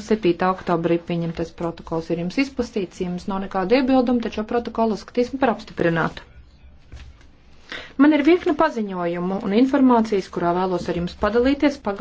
7. oktobrī pieņemtais protokols ir jums izplatīts, ja jums nav nekāda iebilduma, taču protokolu skatīsim par apstiprinātu. Man ir virkne paziņojumu un informācijas, kurā vēlos ar jums padalīties pagājušajā.